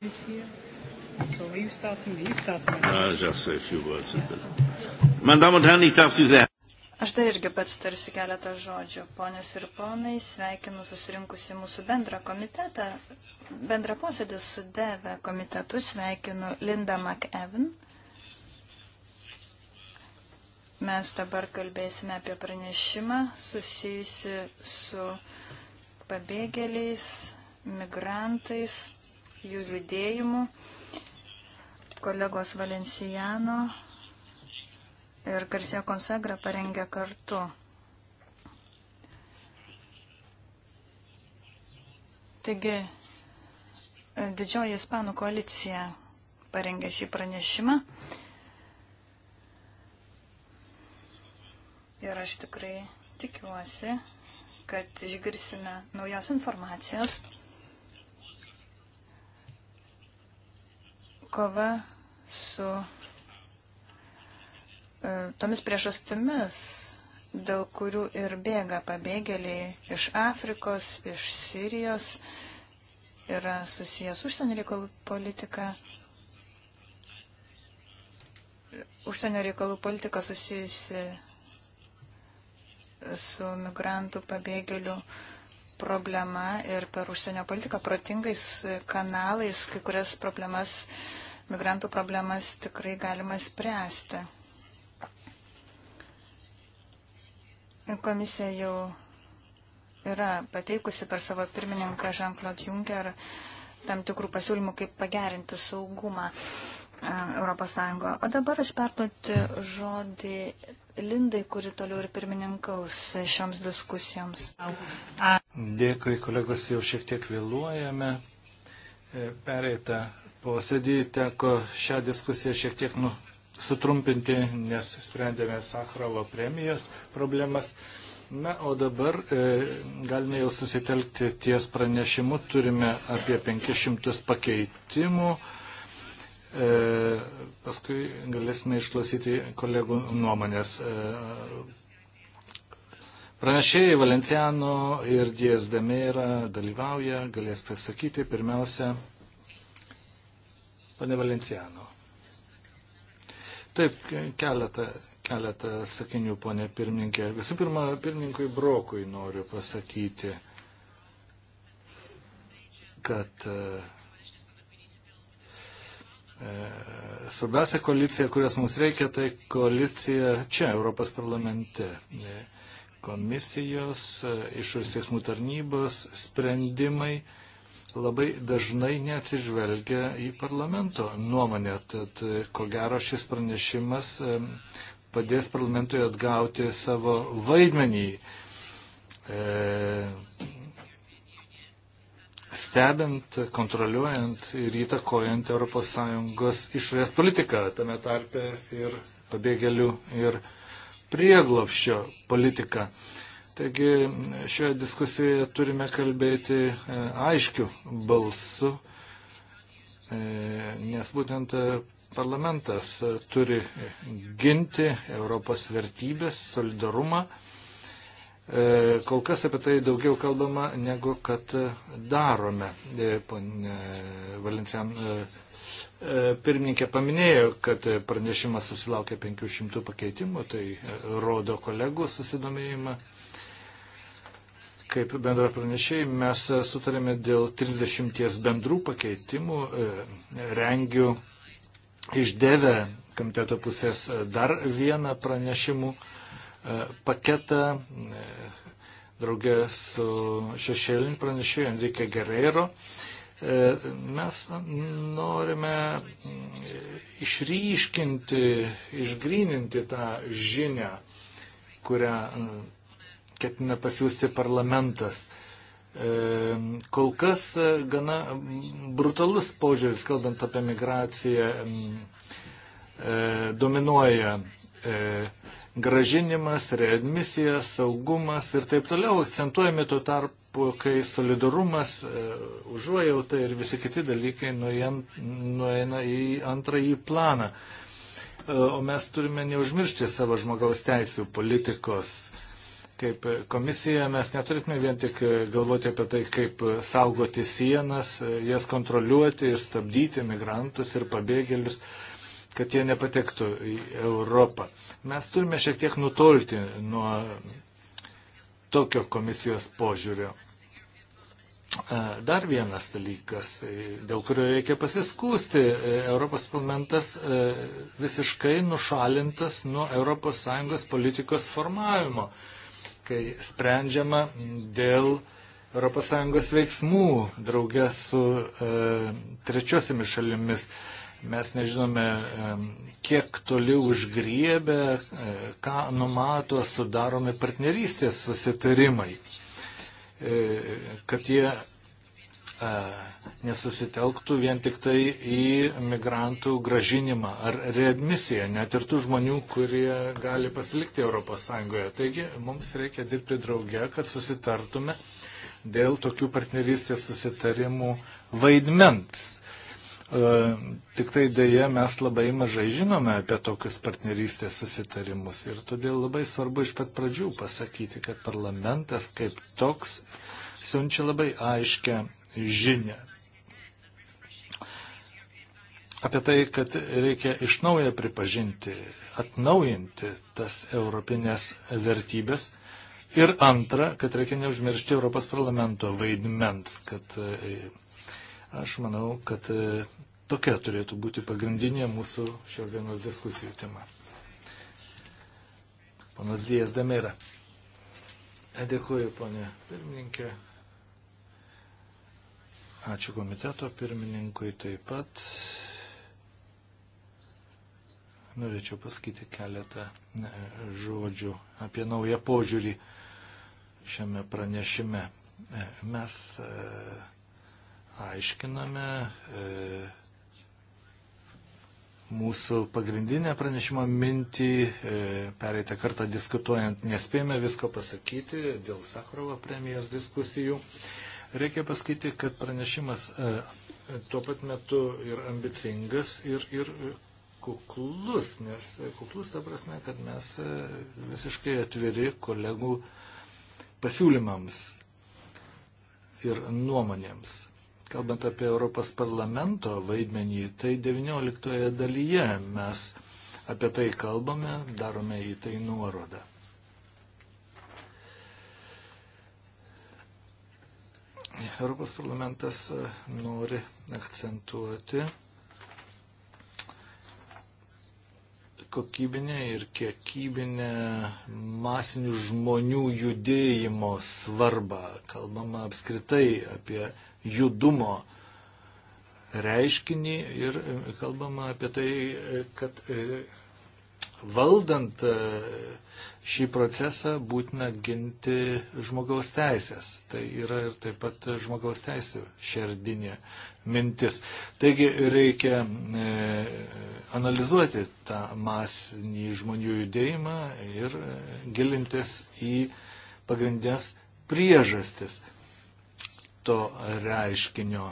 Uh, Aš dar irgi pats tarsiu keletą žodžių. Ponios ir ponai, sveikinu susirinkusi mūsų bendrą komitetą, bendrą posėdį su DEVE komitetu, sveikinu Linda McEvin. Mes dabar kalbėsime apie pranešimą susijusi su pabėgėliais, migrantais jų judėjimu. Kolegos Valenciano ir Garcia Konsegra parengė kartu. Taigi, didžioji Ispanų koalicija parengė šį pranešimą. Ir aš tikrai tikiuosi, kad išgirsime naujos informacijos kova su e, tomis priežastimis, dėl kurių ir bėga pabėgėliai iš Afrikos, iš Sirijos, yra susijęs užsienio reikalų politika. Užsienio reikalų politika susijusi su migrantų pabėgėlių uh, problema ir per užsienio politiką protingais kanalais kai kurias problemas, migrantų problemas tikrai galima spręsti. Komisija jau yra pateikusi per savo pirmininką Jean-Claude Juncker tam tikrų pasiūlymų, kaip pagerinti saugumą ES. O dabar aš perduoti žodį Lindai, kuri toliau ir pirmininkaus šioms diskusijoms. Dėkui, kolegos, jau šiek tiek vėluojame. E, pereitą posėdį teko šią diskusiją šiek tiek nu, sutrumpinti, nes sprendėme Sakralo premijos problemas. Na, o dabar e, galime jau susitelkti ties pranešimu. Turime apie 500 pakeitimų. E, paskui galėsime išklausyti kolegų nuomonės. E, Pranešėjai Valenciano ir Dies Demera dalyvauja, galės pasakyti pirmiausia, pane Valenciano. Taip, keletą, keletą sakinių, ponė pirmininkė. Visų pirma, pirmininkui Brokui noriu pasakyti, kad e, e, Svarbiausia koalicija, kurios mums reikia, tai koalicija čia, Europos parlamente. Ne komisijos, išorės teismų tarnybos sprendimai labai dažnai neatsižvelgia į parlamento nuomonę. Tad ko gero šis pranešimas padės parlamentui atgauti savo vaidmenį. E, stebint, kontroliuojant ir įtakojant ES išorės politiką, tame tarpe ir pabėgėlių ir prieglopščio politiką. Taigi šioje diskusijoje turime kalbėti e, aiškiu balsu, e, nes būtent e, parlamentas turi ginti Europos vertybės, solidarumą E, kol kas apie tai daugiau kalbama, negu kad darome. E, Pone Valencian e, pirmininkė paminėjo, kad pranešimas susilaukė 500 pakeitimų, tai rodo kolegų susidomėjimą. Kaip bendra pranešėjai, mes sutarėme dėl 30 bendrų pakeitimų, rengiu išdėvę komiteto pusės dar vieną pranešimų E, paketą e, draugė su šešėliniu pranešėju Enrique Guerrero. E, mes norime mm, išryškinti, išgryninti tą žinę, kurią mm, ketina pasiūsti parlamentas. Kol kas gana mm, brutalus požiūris, kalbant apie migraciją, dominuoja gražinimas, readmisija, saugumas ir taip toliau akcentuojami tuo tarpu, kai solidarumas, e, užuojauta ir visi kiti dalykai nueina į antrąjį planą. E, o mes turime neužmiršti savo žmogaus teisų politikos. Kaip komisija mes neturėtume vien tik galvoti apie tai, kaip saugoti sienas, e, jas kontroliuoti ir stabdyti migrantus ir pabėgėlius kad jie nepatektų į Europą. Mes turime šiek tiek nutolti nuo tokio komisijos požiūrio. Dar vienas dalykas, e, dėl kurio reikia pasiskūsti, e, Europos parlamentas e, visiškai nušalintas nuo ES politikos formavimo, kai sprendžiama dėl ES veiksmų draugės su trečiosiamis šalimis. Mes nežinome, kiek toli užgriebę, e, ką numato sudaromi partnerystės susitarimai, e, kad jie e, nesusitelktų vien tik tai į migrantų gražinimą ar readmisiją, net ir tų žmonių, kurie gali pasilikti ES. Taigi mums reikia dirbti drauge, kad susitartume dėl tokių partnerystės susitarimų vaidmens. E, tik tai dėje mes labai mažai žinome apie tokius partnerystės susitarimus ir todėl labai svarbu iš pat pradžių pasakyti, kad parlamentas kaip toks siunčia labai aiškę žinę. Apie tai, kad reikia iš naujo pripažinti, atnaujinti tas europinės vertybės. Ir antra, kad reikia neužmiršti Europos parlamento vaidmens, kad e, Aš manau, kad e, tokia turėtų būti pagrindinė mūsų šios dienos diskusijų tema. Panas Dijas Damera. E, dėkuoju, ponė pirmininkė. Ačiū komiteto pirmininkui taip pat. Norėčiau pasakyti keletą e, žodžių apie naują požiūrį šiame pranešime. Mes aiškiname e, mūsų pagrindinę pranešimo mintį. E, pereitą kartą diskutuojant nespėjome visko pasakyti dėl Sakrovo premijos diskusijų. Reikia pasakyti, kad pranešimas e, tuo pat metu ir ambicingas, ir, ir kuklus, nes kuklus ta prasme, kad mes e, visiškai atviri kolegų pasiūlymams ir nuomonėms. Kalbant apie Europos parlamento vaidmenį, tai 19 dalyje mes apie tai kalbame, darome į tai nuorodą. Europos parlamentas e, nori akcentuoti kokybinę ir kiekybinę masinių žmonių judėjimo svarbą. Kalbama apskritai apie judumo reiškinį ir e, kalbama apie tai, e, kad e, valdant šį procesą būtina ginti žmogaus teisės. Tai yra ir taip pat žmogaus teisė šerdinė mintis. Taigi reikia analizuoti tą masinį žmonių judėjimą ir gilintis į pagrindės priežastis to reiškinio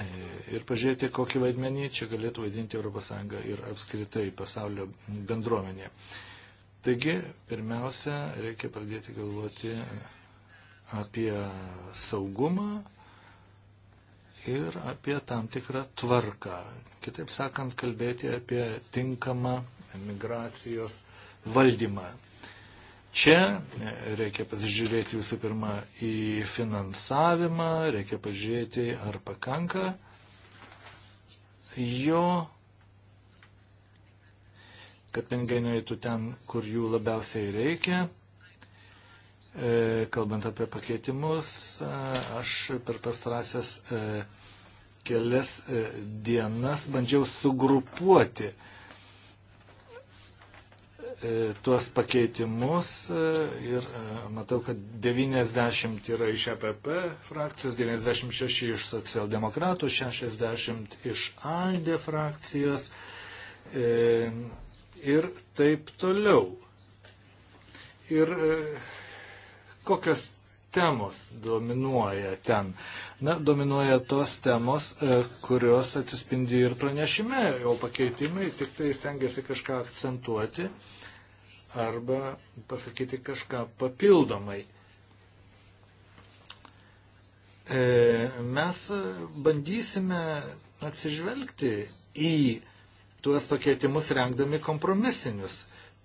e, ir pažiūrėti, kokį vaidmenį čia galėtų vaidinti ES ir apskritai pasaulio bendruomenė. Taigi, pirmiausia, reikia pradėti galvoti apie saugumą ir apie tam tikrą tvarką. Kitaip sakant, kalbėti apie tinkamą migracijos valdymą. Čia e, reikia pasižiūrėti visų pirma į finansavimą, reikia pažiūrėti, ar pakanka jo, kad pinigai nueitų ten, kur jų labiausiai reikia. E, kalbant apie pakeitimus, e, aš per pastarąsias kelias dienas bandžiau sugrupuoti uh, E, tuos pakeitimus e, ir e, matau, kad 90 yra iš EPP frakcijos, 96 iš socialdemokratų, 60 iš ALDE frakcijos ir taip toliau. Ir kokios temos dominuoja ten. Na, dominuoja tos temos, kurios atsispindi ir pranešime, o pakeitimai tik tai stengiasi kažką akcentuoti arba pasakyti kažką papildomai. E, mes bandysime atsižvelgti į tuos pakeitimus rengdami kompromisinius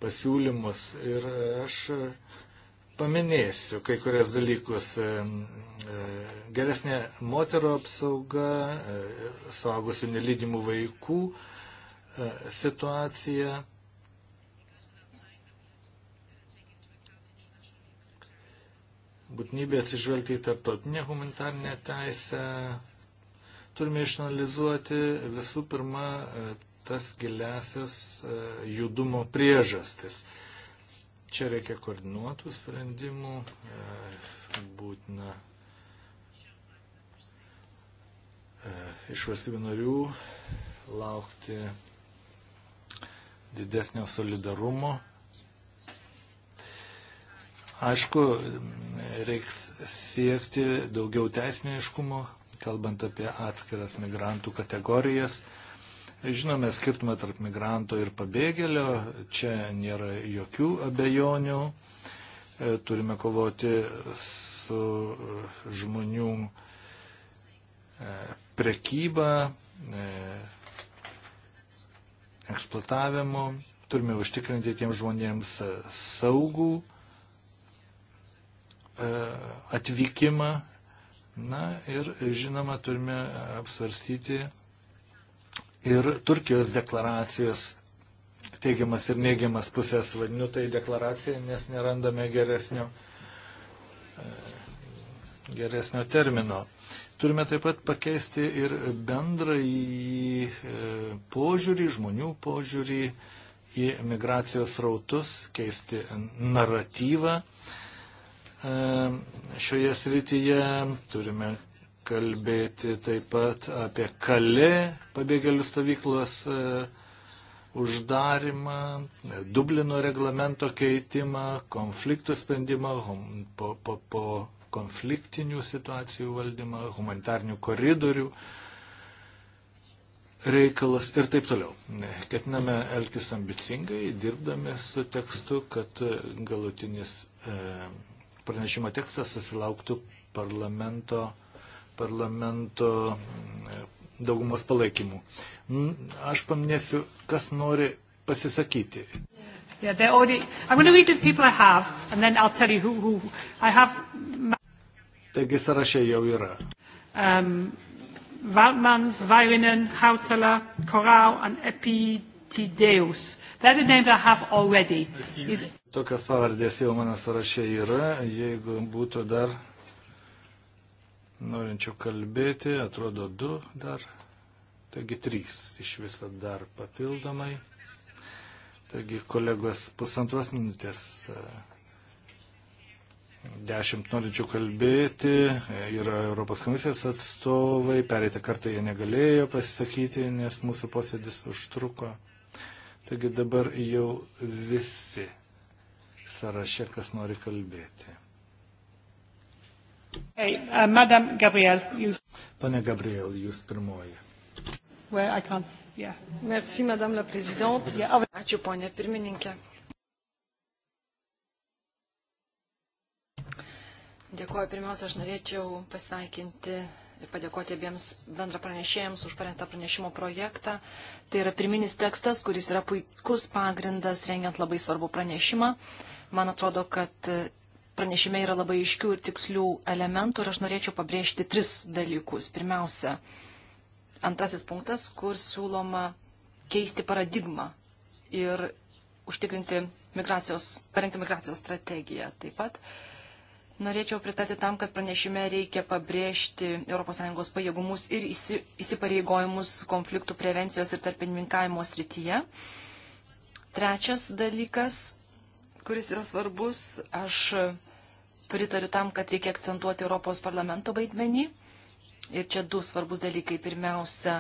pasiūlymus ir aš paminėsiu kai kurias dalykus. E, e, geresnė moterų apsauga, suaugusių nelydimų vaikų situacija būtinybė atsižvelgti į tarptautinę humanitarnę teisę. Turime išanalizuoti visų pirma e, tas giliasias e, judumo priežastis. Čia reikia koordinuotų sprendimų, e, būtina iš valstybių narių laukti didesnio solidarumo Aišku, reiks siekti daugiau teisinio iškumo, kalbant apie atskiras migrantų kategorijas. Žinome skirtumą tarp migranto ir pabėgėlio, čia nėra jokių abejonių. E, turime kovoti su žmonių e, prekyba, e, eksploatavimu, turime užtikrinti tiems žmonėms saugų E, atvykimą. Na ir žinoma, turime apsvarstyti ir Turkijos deklaracijas teigiamas ir neigiamas pusės vadinu tai deklaracija, nes nerandame geresnio, e, geresnio termino. Turime taip pat pakeisti ir bendrąjį e, požiūrį, žmonių požiūrį į migracijos rautus, keisti naratyvą. E, šioje srityje. Turime kalbėti taip pat apie kalė pabėgėlių stovyklos e, uždarimą, Dublino reglamento keitimą, konfliktų sprendimą po, po, po konfliktinių situacijų valdymą, humanitarnių koridorių reikalas ir taip toliau. Ketiname elgtis ambicingai, dirbdami su tekstu, kad galutinis e, pranešimo tekstas susilauktų parlamento, parlamento mm, daugumos palaikymų. Mm, aš paminėsiu, kas nori pasisakyti. Yeah, they're already. I'm going to read the people I have, and then I'll tell you who, who I have. Taigi sąrašė jau yra. Um, Valtmans, Vairinen, Hautala, Corau, and Epitideus. They're the names I have already. Is, Tokios pavardės jau mano sąraše yra. Jeigu būtų dar norinčių kalbėti, atrodo du dar. Taigi trys iš viso dar papildomai. Taigi kolegos pusantros minutės. E, dešimt norinčių kalbėti, e, yra Europos komisijos atstovai, pereitą kartą jie negalėjo pasisakyti, nes mūsų posėdis užtruko. Taigi dabar jau visi sąraše, kas nori kalbėti. Hey, uh, Madam Gabriel, you... Pane Gabriel, jūs pirmoji. Yeah. Merci, Madame la Présidente. Oh, Ačiū, ponė pirmininkė. Dėkuoju, pirmiausia, aš norėčiau pasveikinti ir padėkoti abiems bendra pranešėjams už parengtą pranešimo projektą. Tai yra pirminis tekstas, kuris yra puikus pagrindas rengiant labai svarbų pranešimą. Man atrodo, kad pranešime yra labai iškių ir tikslių elementų ir aš norėčiau pabrėžti tris dalykus. Pirmiausia, antrasis punktas, kur siūloma keisti paradigmą ir užtikrinti migracijos, parengti migracijos strategiją. Taip pat Norėčiau pritarti tam, kad pranešime reikia pabrėžti ES pajėgumus ir įsipareigojimus konfliktų prevencijos ir tarpininkavimo srityje. Trečias dalykas, kuris yra svarbus, aš pritariu tam, kad reikia akcentuoti Europos parlamento vaidmenį. Ir čia du svarbus dalykai. Pirmiausia,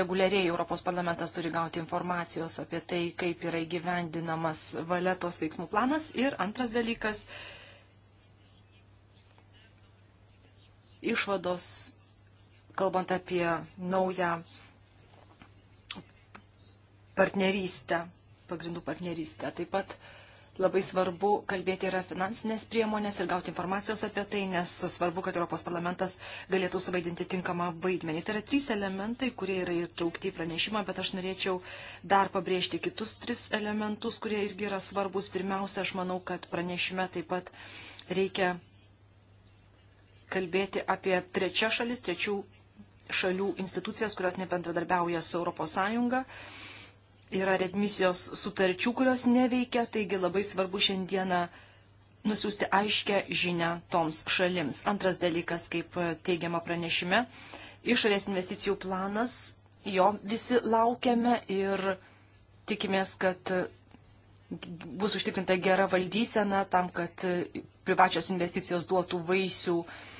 reguliariai Europos parlamentas turi gauti informacijos apie tai, kaip yra įgyvendinamas valetos veiksmų planas. Ir antras dalykas, išvados, kalbant apie naują partnerystę, pagrindų partnerystę. Taip pat labai svarbu kalbėti yra finansinės priemonės ir gauti informacijos apie tai, nes svarbu, kad Europos parlamentas galėtų suvaidinti tinkamą vaidmenį. Tai yra trys elementai, kurie yra įtraukti į pranešimą, bet aš norėčiau dar pabrėžti kitus tris elementus, kurie irgi yra svarbus. Pirmiausia, aš manau, kad pranešime taip pat reikia kalbėti apie trečią šalis, trečių šalių institucijas, kurios nebendradarbiauja su ES. Yra redmisijos sutarčių, kurios neveikia, taigi labai svarbu šiandieną nusiųsti aiškę žinę toms šalims. Antras dalykas, kaip teigiama pranešime, išorės investicijų planas, jo visi laukiame ir tikimės, kad bus užtikrinta gera valdysena tam, kad privačios investicijos duotų vaisių uh,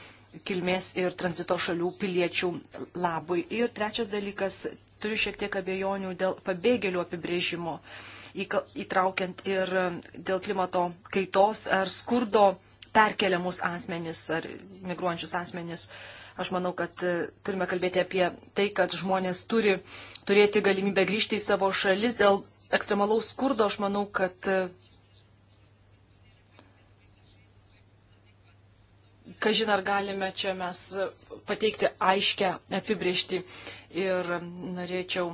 kilmės ir tranzito šalių piliečių labui. Ir trečias dalykas, turiu šiek tiek abejonių dėl pabėgėlių apibrėžimo, įtraukiant ir um, dėl klimato kaitos ar skurdo perkeliamus asmenis ar migruojančius asmenis. Aš manau, kad e, turime kalbėti apie tai, kad žmonės turi turėti galimybę grįžti į savo šalis dėl ekstremalaus skurdo. Aš manau, kad e, kažin ar galime čia mes pateikti aiškę apibriežtį. Ir norėčiau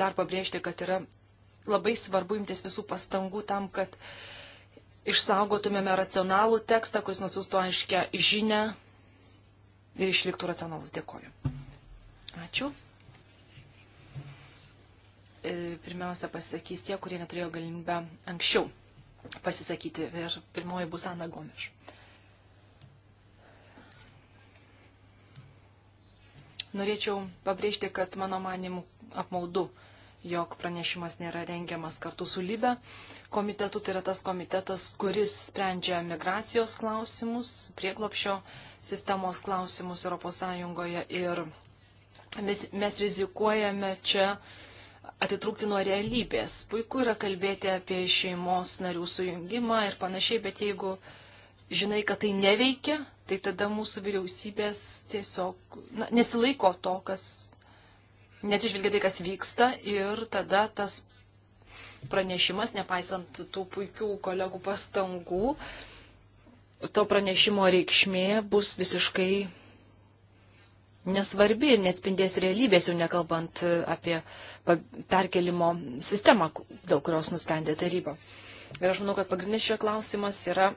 dar pabrėžti, kad yra labai svarbu imtis visų pastangų tam, kad išsaugotumėme racionalų tekstą, kuris nusiųstų aiškę žinę ir išliktų racionalus. Dėkoju. Ačiū. E, pirmiausia, pasisakys tie, kurie neturėjo galimybę anksčiau pasisakyti. Ir pirmoji bus Ana Gomeš. Norėčiau pabrėžti, kad mano manimų apmaudu, jog pranešimas nėra rengiamas kartu su Libe. Komitetu tai yra tas komitetas, kuris sprendžia migracijos klausimus, prieglopšio sistemos klausimus ES ir mes, mes rizikuojame čia atitrūkti nuo realybės. Puiku yra kalbėti apie šeimos narių sujungimą ir panašiai, bet jeigu uh, žinai, kad tai neveikia, tai tada mūsų vyriausybės tiesiog na, nesilaiko to, kas nesižvelgia tai, kas vyksta ir tada tas pranešimas, nepaisant tų puikių kolegų pastangų, to pranešimo reikšmė bus visiškai nesvarbi ir neatspindės realybės, jau nekalbant apie perkelimo sistemą, dėl kurios nusprendė taryba. Ir aš manau, kad pagrindinis šio klausimas yra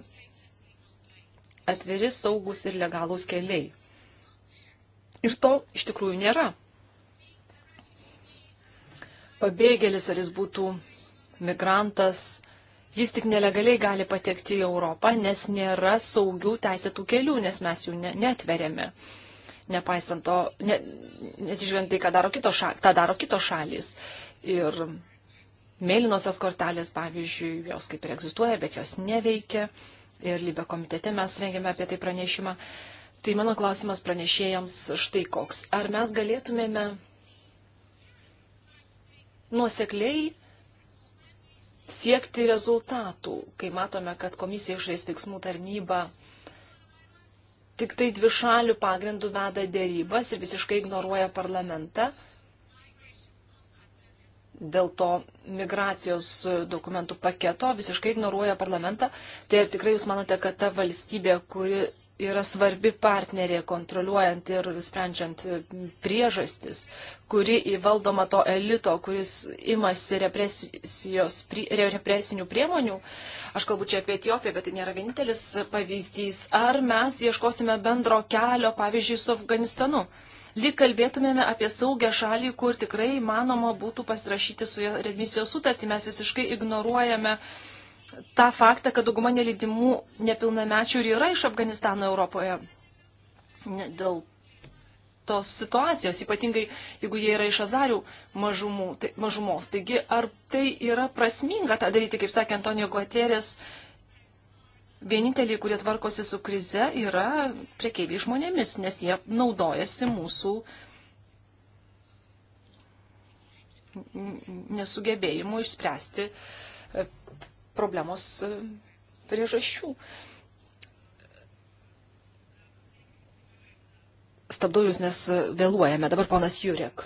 atviri, saugus ir legalūs keliai. Ir to iš tikrųjų nėra. Pabėgėlis, ar jis būtų migrantas, jis tik nelegaliai gali patekti į Europą, nes nėra saugių teisėtų kelių, nes mes jų ne, netveriame. Nepaisant to, ne, nesižiūrint tai, ką daro kitos šalis, tą daro kitos šalis. Ir mėlynosios kortelės, pavyzdžiui, jos kaip ir egzistuoja, bet jos neveikia ir Libė komitete mes rengėme apie tai pranešimą. Tai mano klausimas pranešėjams štai koks. Ar mes galėtumėme nuosekliai siekti rezultatų, kai matome, kad komisija išrais veiksmų tarnyba tik tai dvišalių pagrindų veda dėrybas ir visiškai ignoruoja parlamentą? dėl to migracijos dokumentų paketo, visiškai ignoruoja parlamentą. Tai ar tikrai jūs manote, kad ta valstybė, kuri yra svarbi partnerė kontroliuojant ir sprendžiant priežastis, kuri įvaldoma to elito, kuris imasi represinių priemonių, aš kalbu čia apie Etiopiją, bet tai nėra vienintelis pavyzdys, ar mes ieškosime bendro kelio, pavyzdžiui, su Afganistanu. Uh, lyg kalbėtumėme apie saugę šalį, kur tikrai manoma būtų pasirašyti su redmisijos sutartį. Mes visiškai ignoruojame tą faktą, kad dauguma nelydimų nepilnamečių ir yra iš Afganistano Europoje. Ne, dėl tos situacijos, ypatingai jeigu jie yra iš azarių mažumų, tai, mažumos. Taigi, ar tai yra prasminga tą daryti, kaip sakė Antonijo Guaterės, vieninteliai, kurie tvarkosi su krize, yra priekeiviai žmonėmis, nes jie naudojasi mūsų nesugebėjimu išspręsti e, problemos e, priežasčių. Stabdau jūs, nes vėluojame. Dabar ponas Jurek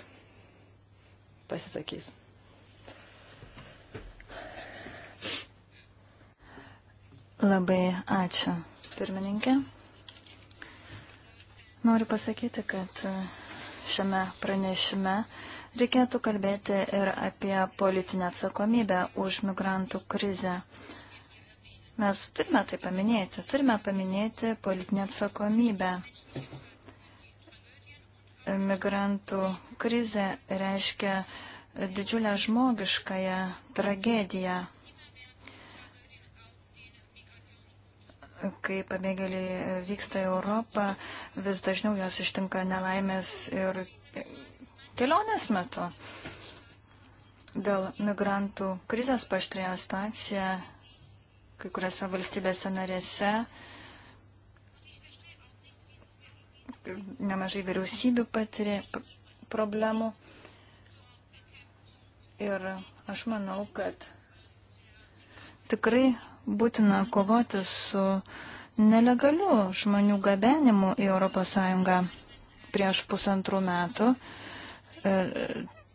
pasisakys. Labai ačiū, pirmininkė. Noriu pasakyti, kad šiame pranešime reikėtų kalbėti ir apie politinę atsakomybę už migrantų krizę. Mes turime tai paminėti, turime paminėti politinę atsakomybę. Migrantų krizė reiškia didžiulę žmogiškąją tragediją. kai pabėgėliai vyksta į Europą, vis dažniau jos ištinka nelaimės ir kelionės metu. Dėl migrantų krizės paštrėjo situacija kai kuriuose valstybėse narėse. Nemažai vyriausybių patiria problemų. Ir aš manau, kad tikrai būtina kovoti su nelegaliu žmonių gabenimu į ES. Prieš pusantrų metų e,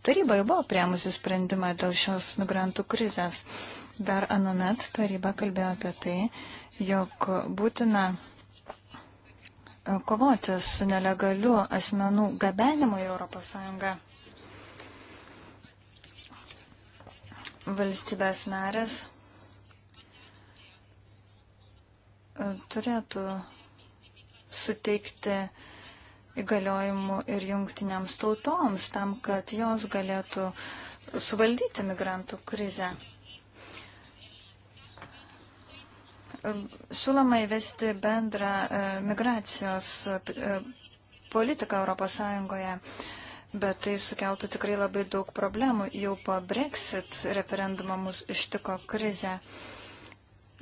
taryba jau buvo priemusi sprendimą dėl šios migrantų krizės. Dar anomet taryba kalbėjo apie tai, jog būtina e, kovoti su nelegaliu asmenų gabenimu į ES. Valstybės narės turėtų suteikti įgaliojimų ir jungtiniams tautoms tam, kad jos galėtų suvaldyti migrantų krizę. Siūloma įvesti bendrą e, migracijos e, politiką ES, bet tai sukeltų tikrai labai daug problemų. Jau po Brexit referendumo mus ištiko krizė.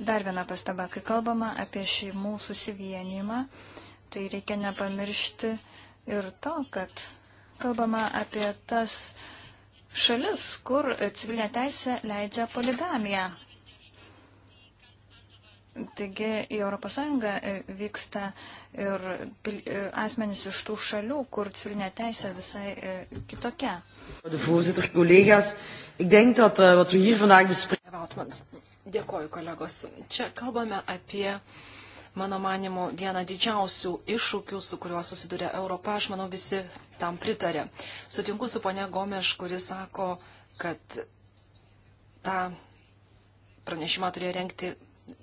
Dar viena pastaba, kai kalbama apie šeimų susivienimą, tai reikia nepamiršti ir to, kad kalbama apie tas šalis, kur civilinė teisė leidžia poligamiją. Taigi į ES e, vyksta ir e, asmenys iš tų šalių, kur civilinė teisė visai e, kitokia. Voorzitter, collega's, ik denk dat uh, wat we hier vandaag bespreken. Dėkoju, kolegos. Čia kalbame apie, mano manimu, vieną didžiausių iššūkių, su kuriuo susiduria Europa. Aš manau, visi tam pritarė. Sutinku su ponia Gomeš, kuris sako, kad tą pranešimą turėjo renkti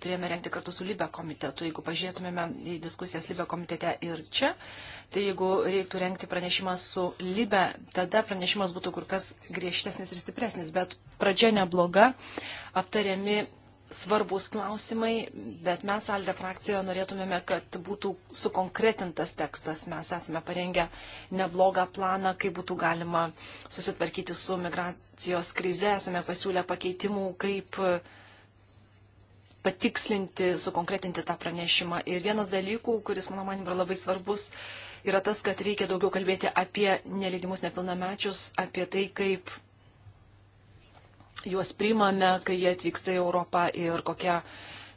turėjome renkti kartu su Libe komitetu. Jeigu pažiūrėtumėme į diskusijas Libe komitete ir čia, tai jeigu reiktų renkti pranešimą su Libe, tada pranešimas būtų kur kas griežtesnis ir stipresnis. Bet pradžia nebloga, aptariami svarbus klausimai, bet mes Alde frakcijoje norėtumėme, kad būtų sukonkretintas tekstas. Mes esame parengę neblogą planą, kaip būtų galima susitvarkyti su migracijos krize, esame pasiūlę pakeitimų, kaip uh, patikslinti, sukonkretinti tą pranešimą. Ir vienas dalykų, kuris, mano manim, yra labai svarbus, yra tas, kad reikia daugiau kalbėti apie nelidimus nepilnamečius, apie tai, kaip juos priimame, kai jie atvyksta į Europą ir kokia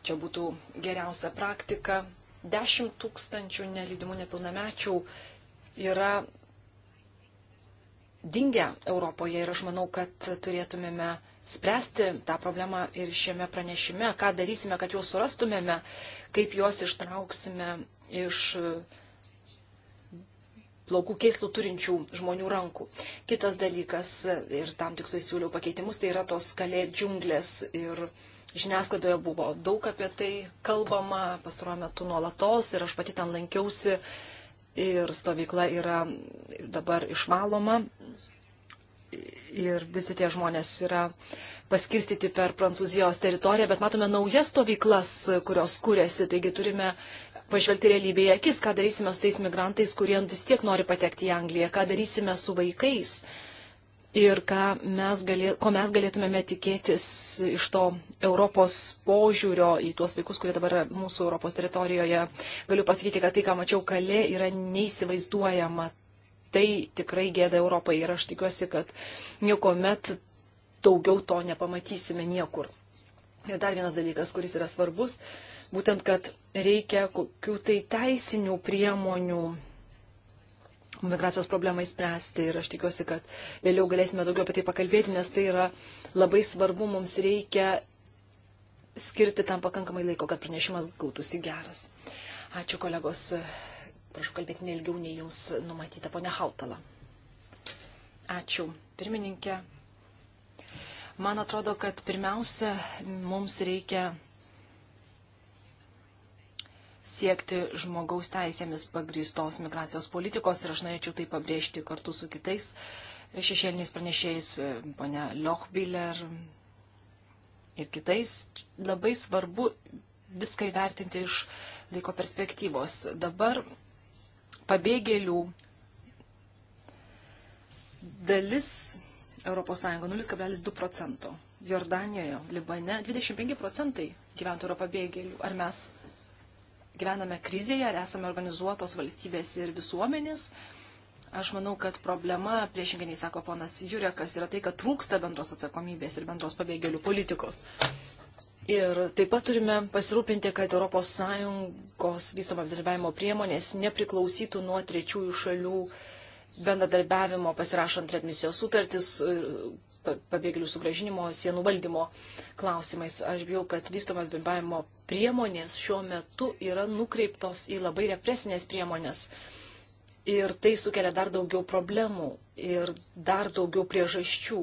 čia būtų geriausia praktika. Dešimt tūkstančių nelydimų nepilnamečių yra dingę Europoje ir aš manau, kad turėtumėme spręsti tą problemą ir šiame pranešime, ką darysime, kad juos surastumėme, kaip juos ištrauksime iš blogų keislų turinčių žmonių rankų. Kitas dalykas, ir tam tikslai siūliau pakeitimus, tai yra tos kalė džiunglės ir žiniasklaidoje buvo daug apie tai kalbama, pastaruoju metu nuolatos ir aš pati ten lankiausi ir stovykla yra dabar išvaloma ir visi tie žmonės yra paskirstyti per Prancūzijos teritoriją, bet matome naujas stovyklas, kurios kūrėsi, taigi turime pažvelgti realybėje akis, ką darysime su tais migrantais, kurie vis tiek nori patekti į Angliją, ką darysime su vaikais ir mes galė, ko mes galėtumėme tikėtis iš to Europos požiūrio į tuos vaikus, kurie dabar mūsų Europos teritorijoje. Galiu pasakyti, kad tai, ką mačiau kalė, yra neįsivaizduojama tai tikrai gėda Europai ir aš tikiuosi, kad niekuomet daugiau to nepamatysime niekur. Ir dar vienas dalykas, kuris yra svarbus, būtent, kad reikia kokių tai teisinių priemonių migracijos problemai spręsti ir aš tikiuosi, kad vėliau galėsime daugiau apie tai pakalbėti, nes tai yra labai svarbu, mums reikia skirti tam pakankamai laiko, kad pranešimas gautųsi geras. Ačiū kolegos prašau kalbėti nelgiau nei jums numatyta, ponia Hautala. Ačiū, pirmininkė. Man atrodo, kad pirmiausia, mums reikia siekti žmogaus teisėmis pagrįstos migracijos politikos ir aš norėčiau tai pabrėžti kartu su kitais šešėliniais pranešėjais, ponia Lochbiller ir kitais. Labai svarbu viską įvertinti iš laiko perspektyvos. Dabar pabėgėlių dalis ES 0,2 procento. Jordanijoje, Libane 25 procentai gyventojų yra pabėgėlių. Ar mes gyvename krizėje, ar esame organizuotos valstybės ir visuomenės? Aš manau, kad problema, priešingai sako ponas Jurekas, yra tai, kad trūksta bendros atsakomybės ir bendros pabėgėlių politikos. Ir taip pat turime pasirūpinti, kad ES vystomo bendradarbiavimo priemonės nepriklausytų nuo trečiųjų šalių bendradarbiavimo, pasirašant redmisijos sutartis, pabėgėlių sugražinimo, sienų valdymo klausimais. Aš bijau, kad vystomas bendradarbiavimo priemonės šiuo metu yra nukreiptos į labai represinės priemonės. Ir tai sukelia dar daugiau problemų ir dar daugiau priežasčių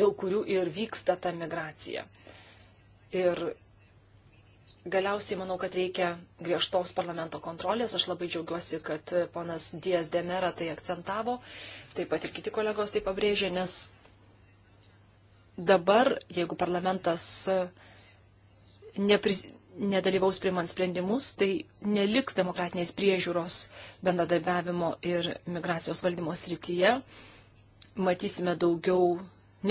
dėl kurių ir vyksta ta migracija. Ir galiausiai manau, kad reikia griežtos parlamento kontrolės. Aš labai džiaugiuosi, kad ponas Dijas Demera tai akcentavo, taip pat ir kiti kolegos tai pabrėžė, nes dabar, jeigu parlamentas nepris, nedalyvaus priimant sprendimus, tai neliks demokratinės priežiūros bendradarbiavimo ir migracijos valdymo srityje. Matysime daugiau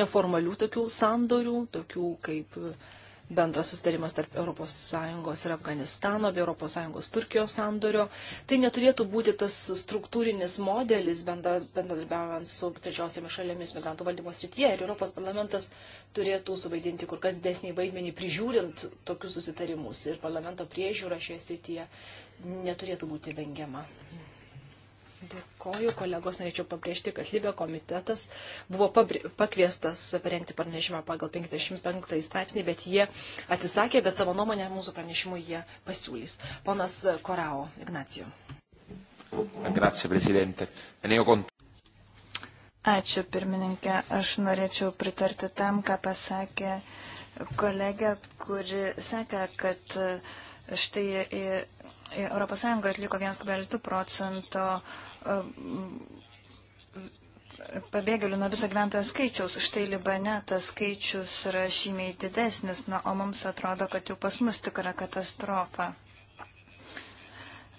neformalių tokių sandorių, tokių kaip bendras sustarimas tarp ES ir Afganistano bei ES Turkijos sandorio. Tai neturėtų būti tas struktūrinis modelis bendradarbiavant su trečiosiamis šalėmis migrantų valdymo srityje ir Europos parlamentas turėtų suvaidinti kur kas didesnį vaidmenį prižiūrint tokius susitarimus ir parlamento priežiūra šioje srityje neturėtų būti vengiama. Dėkoju, kolegos, norėčiau pabrėžti, kad Libė komitetas buvo pakviestas parengti pranešimą pagal 55 straipsnį, bet jie atsisakė, bet savo nuomonę mūsų pranešimu jie pasiūlys. Ponas Korao, Ignacijų. Grazie, prezidente. E Ačiū, pirmininkė. Aš norėčiau pritarti tam, ką pasakė kolegė, kuri sakė, kad štai ES atliko 1,2 procento e, pabėgėlių nuo viso gyventojo skaičiaus. Štai Libane tas skaičius yra šymiai didesnis, na, o mums atrodo, kad jau pas mus tikra katastrofa.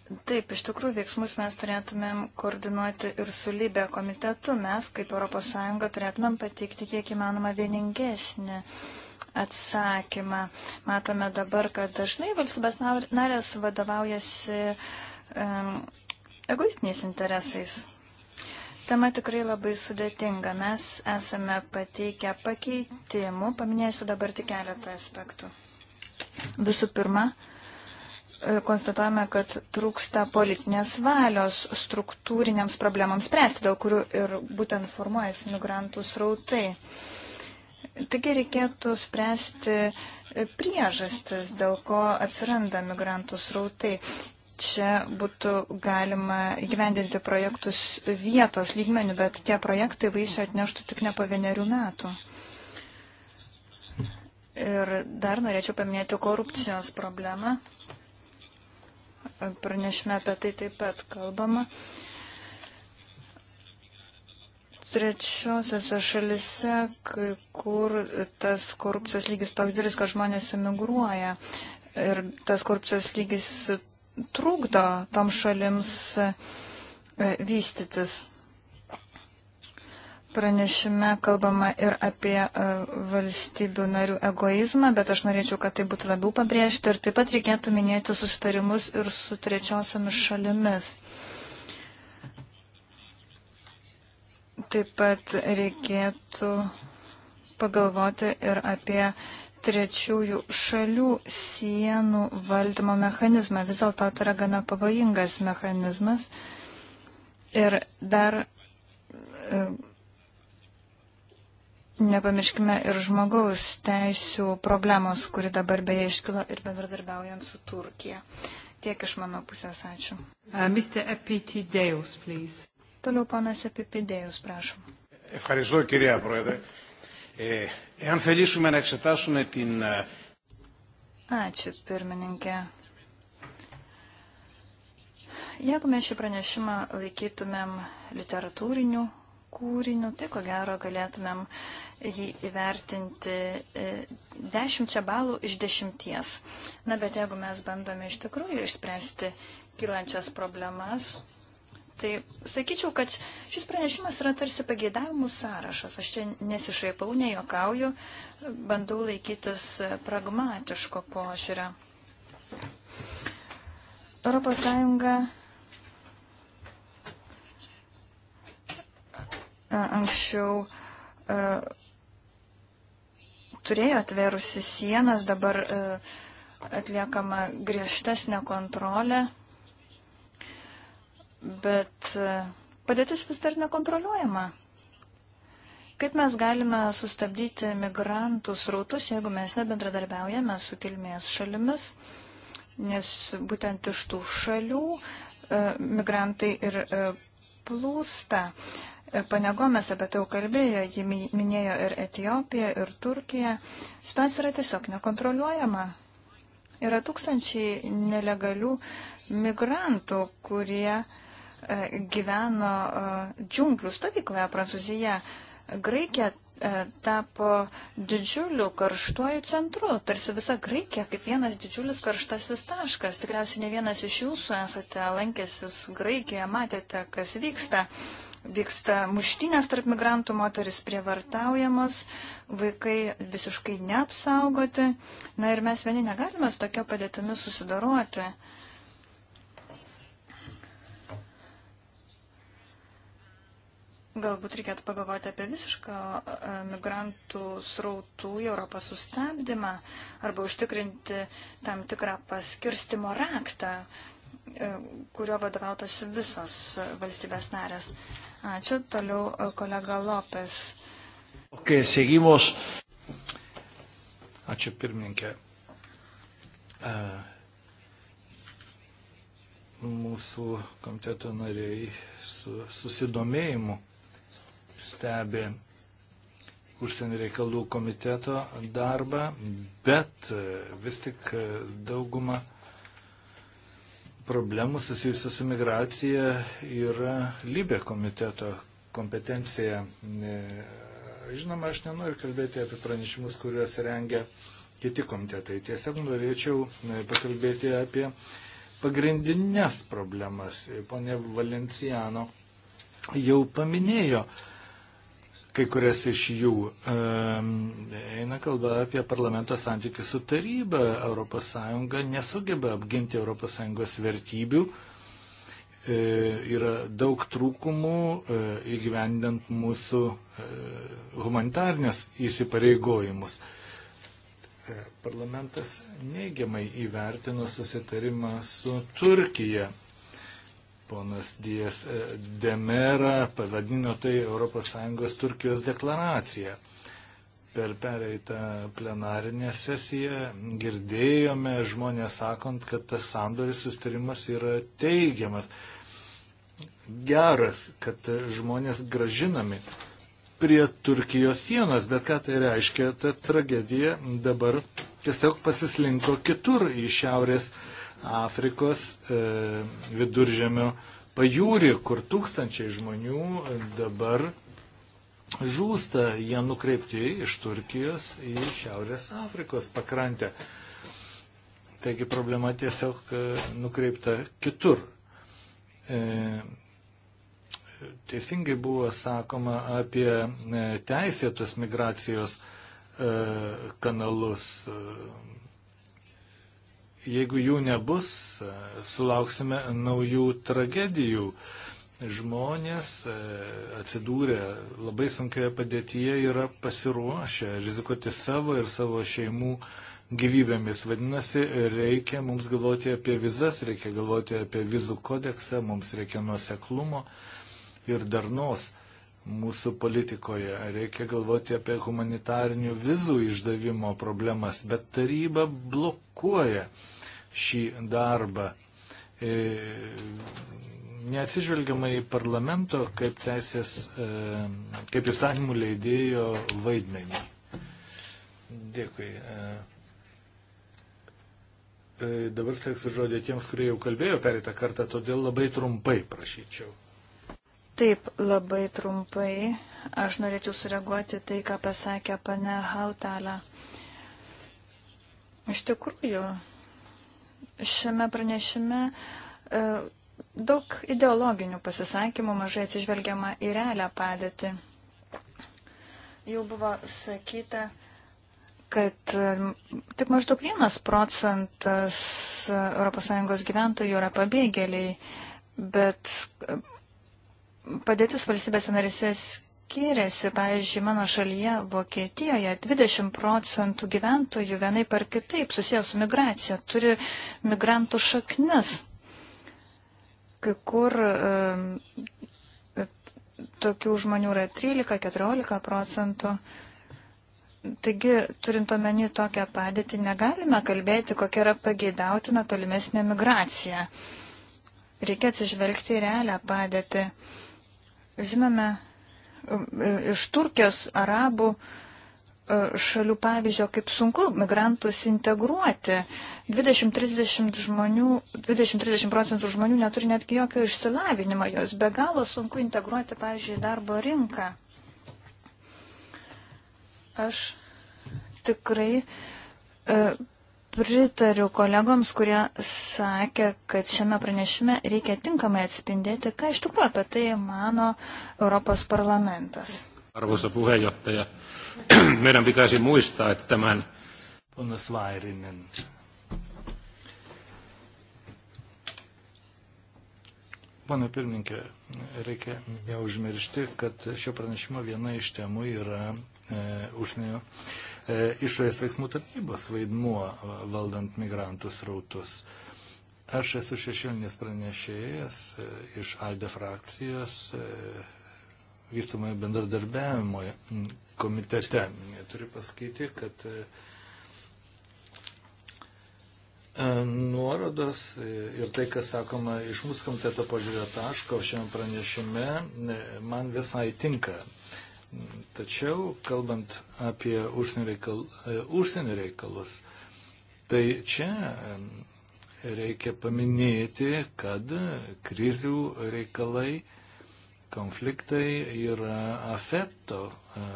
Taip, iš tikrųjų veiksmus mes turėtumėm koordinuoti ir su Libė komitetu. Mes, kaip ES, turėtumėm pateikti kiek įmanoma vieningesnį atsakymą. Matome dabar, kad dažnai valstybės narės vadovaujasi um, egoistiniais interesais. Tema tikrai labai sudėtinga. Mes esame pateikę pakeitimų, paminėsiu dabar tik keletą aspektų. Visų pirma, e, konstatuojame, kad trūksta politinės valios struktūriniams problemams spręsti, dėl kurių ir būtent formuojasi migrantų srautai. Taigi reikėtų spręsti priežastis, dėl ko atsiranda migrantų srautai. Čia būtų galima gyvendinti projektus vietos lygmenių, bet tie projektai vaisių atneštų tik ne po vienerių metų. Ir dar norėčiau paminėti korupcijos problemą. Pranešime apie tai taip pat kalbama. Uh, trečiosiose šalise, kai kur tas korupcijos lygis toks didelis, kad žmonės emigruoja. Ir tas korupcijos lygis trukdo tom šalims e, vystytis. Pranešime kalbama ir apie e, valstybių narių egoizmą, bet aš norėčiau, kad tai būtų labiau pabrėžti ir taip pat reikėtų minėti susitarimus ir su trečiosiomis šalimis. Taip pat reikėtų pagalvoti ir apie trečiųjų šalių sienų valdymo mechanizmą. Vis dėlto tai yra gana pavojingas mechanizmas. Ir dar e, nepamirškime ir žmogaus teisų problemos, kuri dabar beje iškilo ir bendradarbiaujant su Turkija. Tiek iš mano pusės ačiū. Uh, Mr. Epitideus, please. Toliau panas Epipidėjus, prašom. Ευχαριστώ κυρία Πρόεδρε. Ε, εάν θελήσουμε να εξετάσουμε την... Ačiū, pirmininkė. Jeigu mes šį pranešimą laikytumėm literatūriniu kūriniu, tai ko gero galėtumėm jį įvertinti e, dešimčia balų iš dešimties. Na, bet jeigu mes bandome iš tikrųjų išspręsti kylančias problemas, Tai sakyčiau, kad šis pranešimas yra tarsi pageidavimų sąrašas. Aš čia nesišaipau, nejokauju, bandau laikytis pragmatiško požiūrio. Europos Sąjunga anksčiau turėjo atvėrusi sienas, dabar atliekama griežtesnė kontrolė bet e, padėtis vis dar nekontroliuojama. Kaip mes galime sustabdyti migrantų srautus, jeigu mes nebendradarbiaujame su kilmės šalimis, nes būtent iš tų šalių e, migrantai ir e, plūsta. Panegomės apie tai jau kalbėjo, ji minėjo ir Etijopiją, ir Turkiją. Situacija yra tiesiog nekontroliuojama. Yra tūkstančiai nelegalių migrantų, kurie uh, E, gyveno e, džiunglių stovykloje Prancūzija. Graikija e, tapo didžiuliu karštuoju centru, tarsi visa Graikija kaip vienas didžiulis karštasis taškas. Tikriausiai ne vienas iš jūsų esate lankęsis Graikijoje, matėte, kas vyksta. Vyksta muštinės tarp migrantų, moteris prievartaujamos, vaikai visiškai neapsaugoti. Na ir mes vieni negalime su tokia padėtimi susidoroti. Uh, Galbūt reikėtų pagalvoti apie visišką e, migrantų srautų į Europą sustabdymą arba užtikrinti tam tikrą paskirstimo raktą, e, kurio vadovautos visos valstybės narės. Ačiū. Toliau e, kolega Lopes. Okay, seguimos. Ačiū pirmininkė. Mūsų komiteto nariai su susidomėjimu stebi užsienio reikalų komiteto darbą, bet e, vis tik e, dauguma problemų susijusių su migracija yra Libė komiteto kompetencija. E, žinoma, aš nenoriu kalbėti apie pranešimus, kuriuos rengia kiti komitetai. Tiesiog norėčiau pakalbėti apie pagrindinės problemas. Pone Valenciano jau paminėjo, kai kurias iš jų. Eina kalba apie parlamento santykių su taryba. ES nesugeba apginti ES vertybių. E, yra daug trūkumų e, įgyvendant mūsų e, humanitarnės įsipareigojimus. Parlamentas neigiamai įvertino susitarimą su Turkija Ponas Dijas e, Demera pavadino tai ES Turkijos deklaracija. Per pereitą plenarinę sesiją girdėjome žmonės sakant, kad tas sandoris sustarimas yra teigiamas. Geras, kad žmonės gražinami prie Turkijos sienos, bet ką tai reiškia, ta tragedija dabar tiesiog pasislinko kitur į šiaurės uh, Afrikos e, viduržėmio pajūrį, kur tūkstančiai žmonių dabar žūsta, jie nukreipti iš Turkijos į Šiaurės Afrikos pakrantę. Taigi problema tiesiog e, nukreipta kitur. E, teisingai buvo sakoma apie teisėtus migracijos kanalus jeigu jų nebus, e, sulauksime naujų tragedijų. Žmonės e, atsidūrę labai sunkioje padėtyje yra pasiruošę rizikuoti savo ir savo šeimų gyvybėmis. Vadinasi, reikia mums galvoti apie vizas, reikia galvoti apie vizų kodeksą, mums reikia nuoseklumo ir darnos mūsų politikoje. Reikia galvoti apie humanitarinių vizų išdavimo problemas, bet taryba blokuoja šį darbą. E, neatsižvelgiama į parlamento kaip teisės, e, kaip įstatymų leidėjo vaidmenį. Dėkui. E, dabar seksiu žodį tiems, kurie jau kalbėjo pereitą kartą, todėl labai trumpai prašyčiau. Taip, labai trumpai. Aš norėčiau sureaguoti tai, ką pasakė pane Hautalė. Iš tikrųjų, šiame pranešime e, daug ideologinių pasisakymų, mažai atsižvelgiama į realią padėtį. Jau buvo sakyta, kad e, tik maždaug vienas procentas ES gyventojų yra pabėgėliai, bet e, padėtis valstybės narysės skiriasi. Pavyzdžiui, mano šalyje, Vokietijoje, 20 procentų gyventojų vienai par kitaip susijęs su migracija turi migrantų šaknis. Kai kur e, tokių žmonių yra 13-14 procentų. Taigi, turint omeny tokią padėtį, negalime kalbėti, kokia yra pageidautina tolimesnė migracija. Reikia atsižvelgti į realią padėtį. Žinome, iš Turkijos arabų e, šalių pavyzdžio, kaip sunku migrantus integruoti. 20-30 žmonių, 20-30 procentų žmonių neturi netgi jokio išsilavinimo, jos be galo sunku integruoti, pavyzdžiui, darbo rinką. Aš tikrai e, pritariu kolegoms, kurie sakė, kad šiame pranešime reikia tinkamai atspindėti, ką iš tikrųjų apie tai mano Europos parlamentas. Arvoisa puheenjohtaja, meidän pitäisi muistaa, että tämän... Ponas Vairinen. Pana pirmininkė, reikia neužmiršti, kad šio pranešimo viena iš temų yra e, užsienio. E, E, išorės veiksmų tarnybos vaidmuo e, valdant migrantų srautus. Aš esu šešėlinis pranešėjas e, iš ALDE frakcijos vystamojo bendradarbiavimo komitete. Turiu pasakyti, kad nuorodos ir tai, kas sakoma iš mūsų komiteto požiūrio taško šiame pranešime, man visai tinka. Tačiau, kalbant apie užsienio, reikal, e, užsienio reikalus, tai čia reikia paminėti, kad krizių reikalai, konfliktai yra afeto e,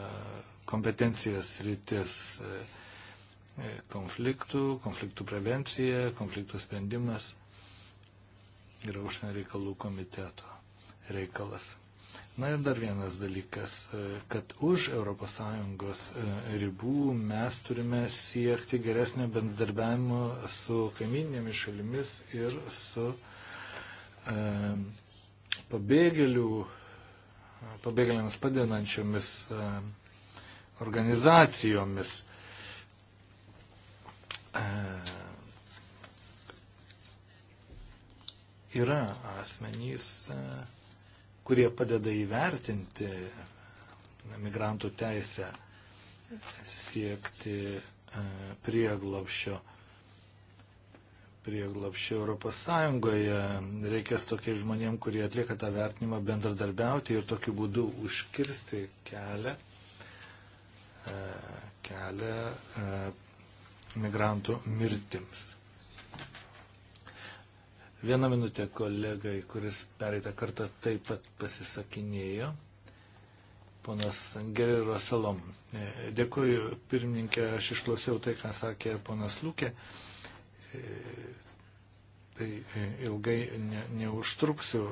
kompetencijos rytis e, konfliktų, konfliktų prevencija, konfliktų sprendimas yra užsienio reikalų komiteto reikalas. Na ir dar vienas dalykas, e, kad už ES e, ribų mes turime siekti geresnio bendradarbiavimo su kaiminėmis šalimis ir su e, pabėgėlių, pabėgėliams padedančiomis e, organizacijomis. E, yra asmenys. E, kurie padeda įvertinti migrantų teisę siekti e, prieglopščio. Prieglopščio Europos Sąjungoje reikės tokie žmonėm, kurie atlieka tą vertinimą, bendradarbiauti ir tokiu būdu užkirsti kelią, e, kelią e, migrantų mirtims. Vieną minutę kolegai, kuris pereitą kartą taip pat pasisakinėjo. Ponas Gerero Salom. E, dėkuoju, pirmininkė, aš išklausiau tai, ką sakė ponas Lūkė. E, tai e, ilgai ne, neužtruksiu.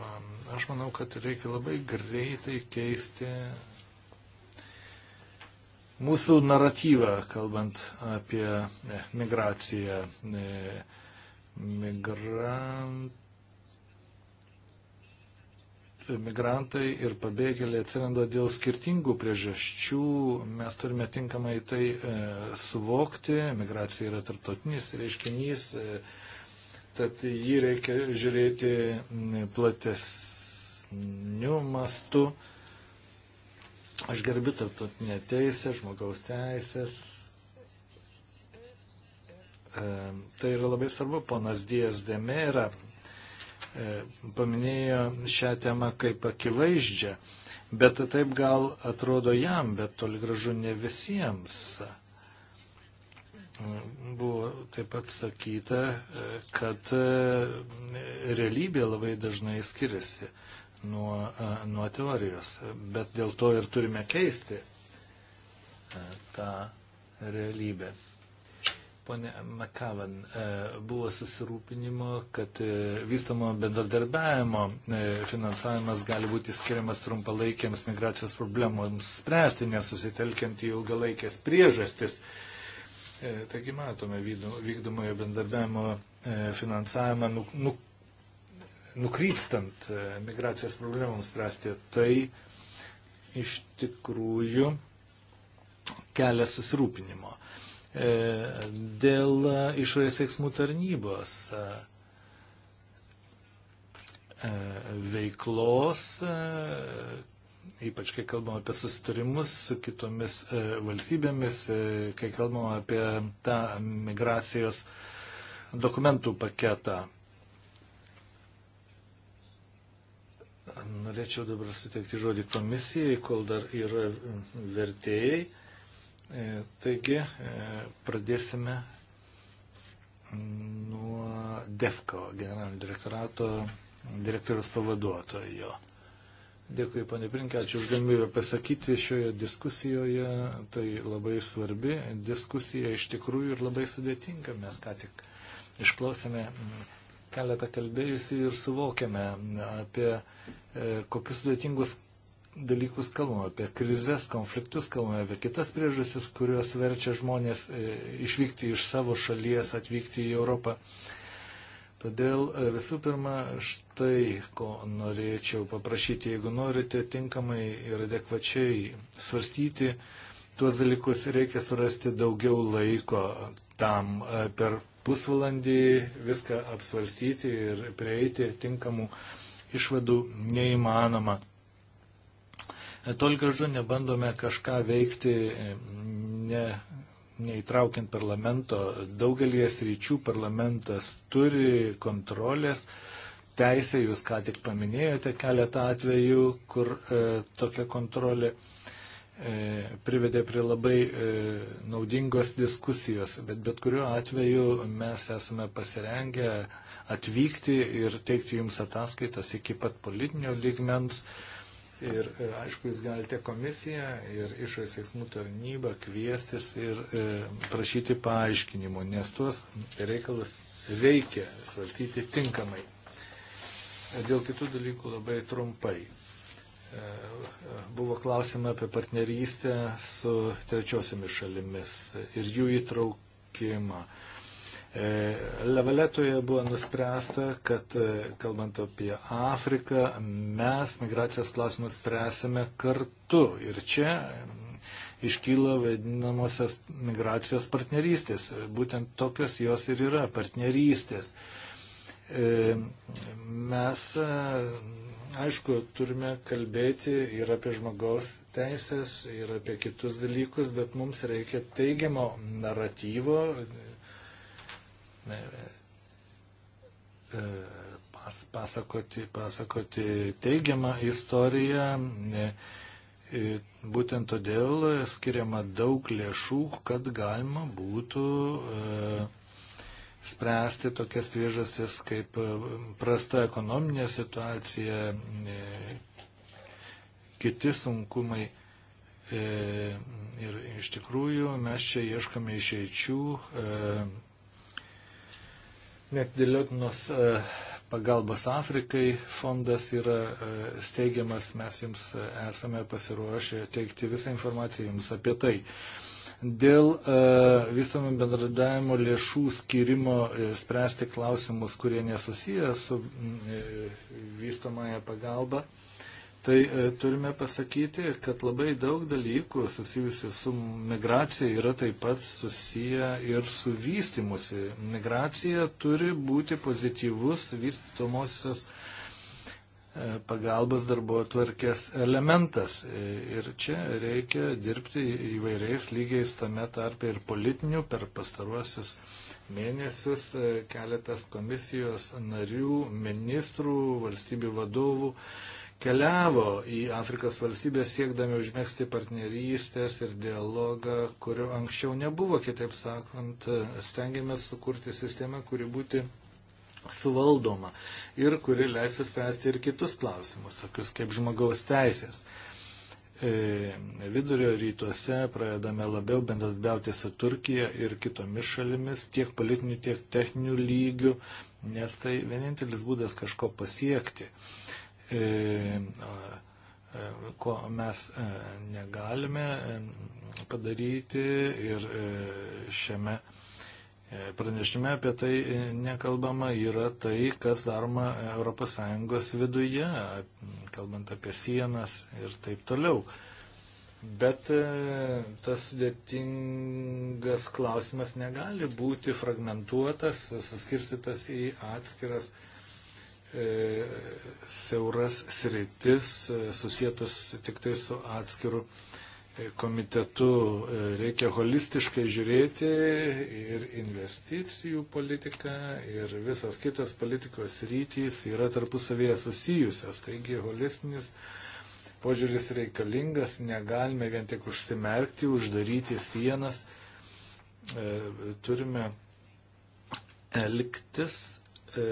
Aš manau, kad reikia labai greitai keisti mūsų naratyvą, kalbant apie migraciją. Ne, migrantų migrantai ir pabėgėliai atsiranda dėl skirtingų priežasčių, mes turime tinkamai tai e, suvokti, migracija yra tarptautinis reiškinys, e, tad jį reikia žiūrėti platesniu mastu. Aš gerbiu tarptautinę teisę, žmogaus teisės, E, tai yra labai svarbu, ponas Dijas Demera e, paminėjo šią temą kaip akivaizdžią, bet taip gal atrodo jam, bet toli gražu ne visiems. E, buvo taip pat sakyta, kad realybė labai dažnai skiriasi nuo, nuo teorijos, bet dėl to ir turime keisti tą realybę. Pone Makavan, e, buvo susirūpinimo, kad e, vystamo bendradarbiavimo e, finansavimas gali būti skiriamas trumpalaikiams migracijos problemams spręsti, nesusitelkiant į ilgalaikės priežastis. Taigi matome vykdomojo bendarbiavimo finansavimą nuk, nuk, nukrypstant migracijos problemams spręsti. Tai iš tikrųjų kelia susirūpinimo. E, dėl e, išorės veiksmų tarnybos e, veiklos, ypač kai kalbam apie susitarimus su kitomis valstybėmis, kai kalbam apie tą migracijos dokumentų paketą. Norėčiau dabar suteikti žodį komisijai, kol dar yra vertėjai. E, taigi e, pradėsime nuo DEFCO generalinio direktorato direktoriaus pavaduotojo. Dėkui, panė Prinkė, ačiū už galimybę pasakyti šioje diskusijoje. Tai labai svarbi diskusija iš tikrųjų ir labai sudėtinga. Mes ką tik išklausėme keletą kalbėjusių ir suvokėme apie e, kokius sudėtingus dalykus, kalbame apie krizės, konfliktus, kalbame apie kitas priežasis, kurios verčia žmonės e, išvykti iš savo šalies, atvykti į Europą. Todėl e, visų pirma, štai ko norėčiau paprašyti, jeigu norite tinkamai ir adekvačiai svarstyti tuos dalykus, reikia surasti daugiau laiko tam e, per pusvalandį viską apsvarstyti ir prieiti tinkamų išvadų neįmanoma. Tol gražu nebandome kažką veikti, ne, neįtraukiant parlamento. Daugelie sryčių parlamentas turi kontrolės teisę, jūs ką tik paminėjote keletą atvejų, kur e, tokia kontrolė e, privedė prie labai e, naudingos diskusijos, bet bet kuriuo atveju mes esame pasirengę atvykti ir teikti jums ataskaitas iki pat politinio lygmens. E, Ir aišku, jūs galite komisiją ir išorės veiksmų tarnybą kviestis ir e, prašyti paaiškinimų, nes tuos reikalus reikia svarstyti tinkamai. E, dėl kitų dalykų labai trumpai. E, buvo klausima apie partnerystę su trečiosiamis šalimis ir jų įtraukimą. E, E, levaletoje buvo nuspręsta, kad e, kalbant apie Afriką, mes migracijos klausimus spręsime kartu. Ir čia iškyla vadinamosios migracijos partnerystės. Būtent tokios jos ir yra partnerystės. E, mes, aišku, turime kalbėti ir apie žmogaus teisės, ir apie kitus dalykus, bet mums reikia teigiamo naratyvo E, e, pas, pasakoti, pasakoti teigiamą istoriją. E, būtent todėl skiriama daug lėšų, kad galima būtų spręsti tokias priežastis kaip prasta ekonominė situacija, kiti sunkumai. Ir iš tikrųjų mes čia ieškame išeičių Netidėliotinos e, pagalbos Afrikai fondas yra e, steigiamas, mes jums e, esame pasiruošę teikti visą informaciją jums apie tai. Dėl vystomio bendradavimo lėšų skirimo spręsti klausimus, kurie nesusiję su vystomąją pagalbą, tai e, turime pasakyti, kad labai daug dalykų susijusių su migracija yra taip pat susiję ir su vystimusi. Migracija turi būti pozityvus vystomosios e, pagalbos darbo tvarkės elementas. E, ir čia reikia dirbti įvairiais lygiais tame tarpe ir politinių per pastaruosius mėnesius keletas komisijos narių, ministrų, valstybių vadovų keliavo į Afrikos valstybės siekdami užmėgsti partnerystės ir dialogą, kurio anksčiau nebuvo, kitaip sakant, stengiamės sukurti sistemą, kuri būtų suvaldoma ir kuri leis spręsti ir kitus klausimus, tokius kaip žmogaus teisės. E, vidurio rytuose pradedame labiau bendradarbiauti su Turkija ir kitomis šalimis tiek politinių, tiek techninių lygių, nes tai vienintelis būdas kažko pasiekti. E, e, ko mes e, negalime padaryti ir šiame pranešime apie tai nekalbama, yra tai, kas daroma ES viduje, kalbant apie sienas ir taip toliau. Bet tas vietingas klausimas negali būti fragmentuotas, suskirstytas į atskiras E, siauras sritis, e, susijęs tik tai su atskiru e, komitetu. Reikia holistiškai žiūrėti ir investicijų politika, ir visas kitas politikos rytys yra tarpusavėje susijusios. Taigi holistinis požiūris reikalingas, negalime vien tik užsimerkti, uždaryti sienas. Turime elgtis. E,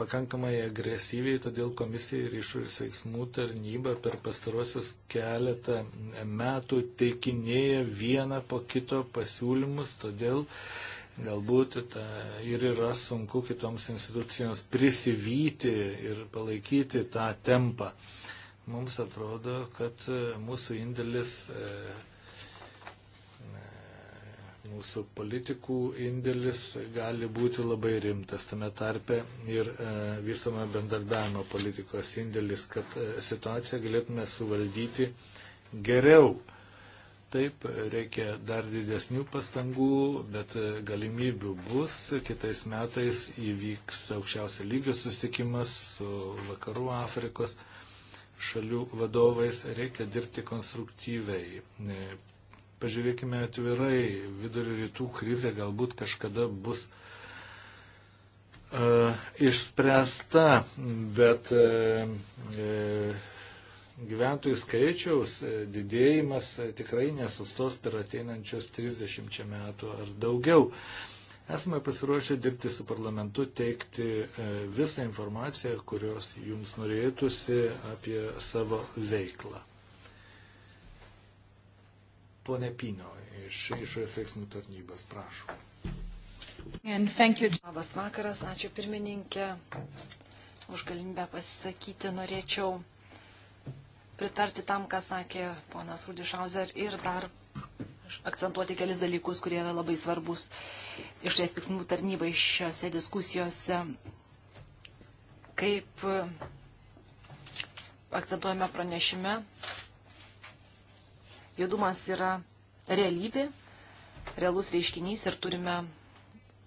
pakankamai agresyviai, todėl komisija ir išorės veiksmų tarnyba per pastarosius keletą metų teikinėja vieną po kito pasiūlymus, todėl galbūt ta, ir yra sunku kitoms institucijoms prisivyti ir palaikyti tą tempą. Mums atrodo, kad mūsų indėlis e, mūsų politikų indėlis gali būti labai rimtas, tame tarpe ir e, visame bendarbiavimo politikos indėlis, kad e, situaciją galėtume suvaldyti geriau. Taip, reikia dar didesnių pastangų, bet e, galimybių bus. Kitais metais įvyks aukščiausio lygio sustikimas su Vakarų Afrikos šalių vadovais. Reikia dirbti konstruktyviai Pažiūrėkime atvirai, vidurio rytų krizė galbūt kažkada bus uh, išspręsta, bet uh, uh, gyventojų skaičiaus didėjimas tikrai nesustos per ateinančius 30 metų ar daugiau. Esame pasiruošę dirbti su parlamentu, teikti visą informaciją, kurios jums norėtųsi apie savo veiklą. Pone Pino iš išorės veiksmų tarnybos, prašau. Labas vakaras, ačiū pirmininkė už galimybę pasisakyti. Norėčiau pritarti tam, ką sakė ponas Rudišauzer ir dar akcentuoti kelis dalykus, kurie yra labai svarbus išorės veiksmų tarnybai šiose diskusijose. Kaip akcentuojame pranešime, Judumas yra realybė, realus reiškinys ir turime